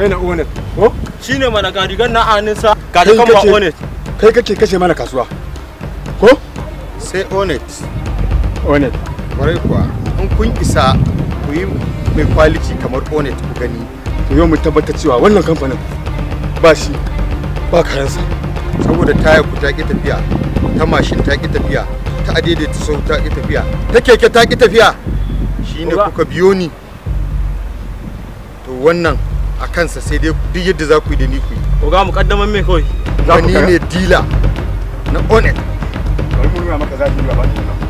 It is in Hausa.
Kai na onet. Ko? Shine mana ga rigan na aninsa. Ga da kan onet. Kai kake kashe mana kasuwa. Ko? Sai onet. Onet. Kwarai kuwa. In kun isa ku yi mai kwaliti kamar onet ku gani. To yau mu tabbatar cewa wannan kamfanin ba shi ba kayansa. Saboda taya ku ta ki tafiya, ta mashin ta ki tafiya, ta adaidaita sau ta ki tafiya, ta keke ta ki tafiya. Shine kuka biyo ni. To wannan a kansa sai dai duk yadda za ku yi da ni ku yi. Ko ga mu mai me kawai. Ni ne dila na Onet. Bari mun yi maka zafi ba ba.